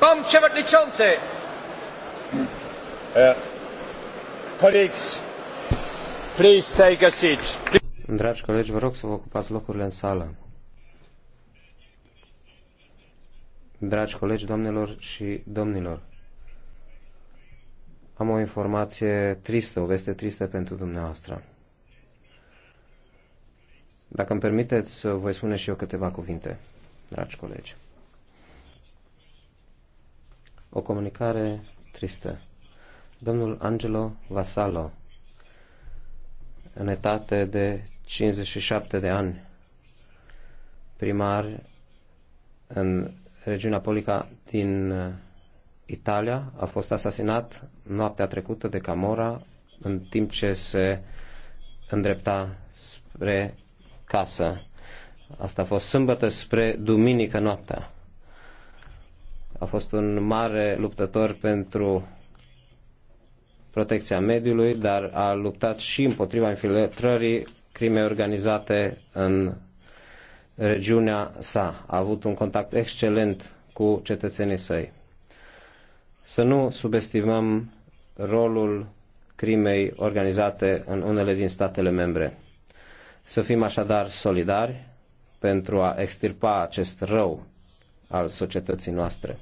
Pan Przewodniczący! Uh, colleagues, please take a seat. Dragi colegi, vă rog să vă ocupați locurile în sală. Dragi colegi, doamnelor și domnilor, am o informație tristă, o veste tristă pentru dumneavoastră. Dacă îmi permiteți, voi spune și eu câteva cuvinte, dragi colegi. O comunicare tristă. Domnul Angelo Vasalo, în etate de 57 de ani, primar în regiunea Polica din uh, Italia, a fost asasinat noaptea trecută de Camora în timp ce se îndrepta spre casă. Asta a fost sâmbătă spre duminică noaptea a fost un mare luptător pentru protecția mediului, dar a luptat și împotriva infiltrării crimei organizate în regiunea sa. A avut un contact excelent cu cetățenii săi. Să nu subestimăm rolul crimei organizate în unele din statele membre. Să fim așadar solidari pentru a extirpa acest rău al societății noastre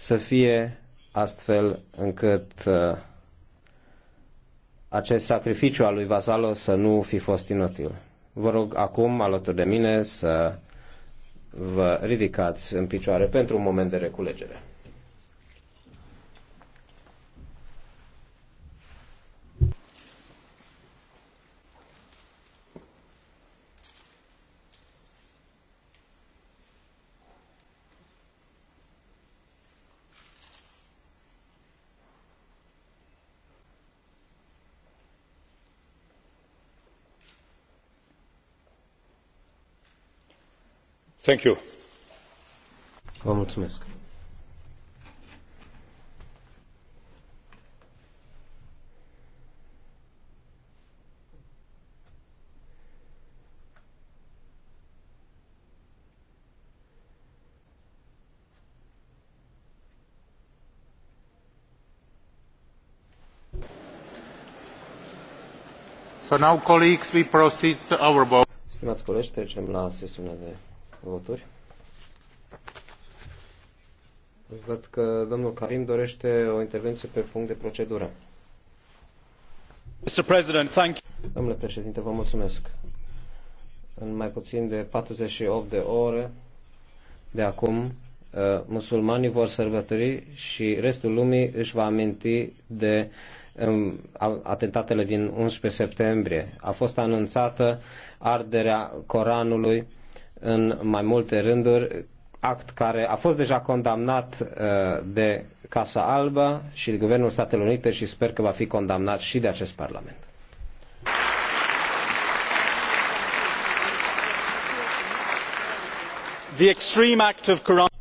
să fie astfel încât uh, acest sacrificiu al lui Vasalo să nu fi fost inutil. Vă rog acum, alături de mine, să vă ridicați în picioare pentru un moment de reculegere. Vă mulțumesc. So now, colleagues, we proceed to our vote. Stimați colegi, trecem la sesiunea de voturi. Văd că domnul Karim dorește o intervenție pe punct de procedură. Mr. President, thank you. Domnule președinte, vă mulțumesc. În mai puțin de 48 de ore de acum, uh, musulmanii vor sărbători și restul lumii își va aminti de um, atentatele din 11 septembrie. A fost anunțată arderea Coranului în mai multe rânduri, act care a fost deja condamnat uh, de Casa Albă și de Guvernul Statelor Unite și sper că va fi condamnat și de acest Parlament. The extreme act of corruption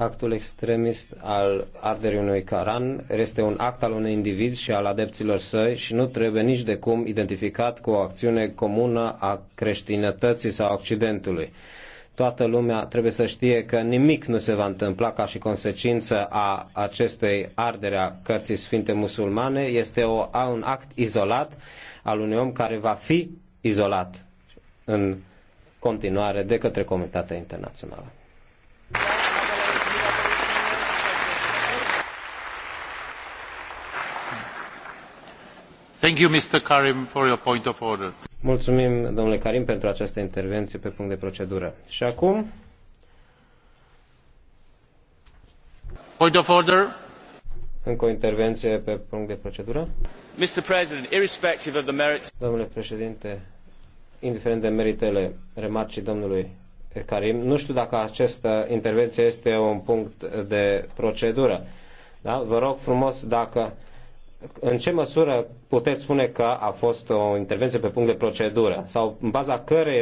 actul extremist al arderii unui caran este un act al unui individ și al adepților săi și nu trebuie nici de cum identificat cu o acțiune comună a creștinătății sau Occidentului. Toată lumea trebuie să știe că nimic nu se va întâmpla ca și consecință a acestei ardere a cărții sfinte musulmane. Este o, un act izolat al unui om care va fi izolat în continuare de către comunitatea internațională. Mulțumim, domnule Karim, pentru această intervenție pe punct de procedură. Și acum... Point of order. Încă o intervenție pe punct de procedură. Mr. President, irrespective of the merits... Domnule președinte, indiferent de meritele remarcii domnului Karim, nu știu dacă această intervenție este un punct de procedură. Da? Vă rog frumos dacă în ce măsură puteți spune că a fost o intervenție pe punct de procedură sau în baza căre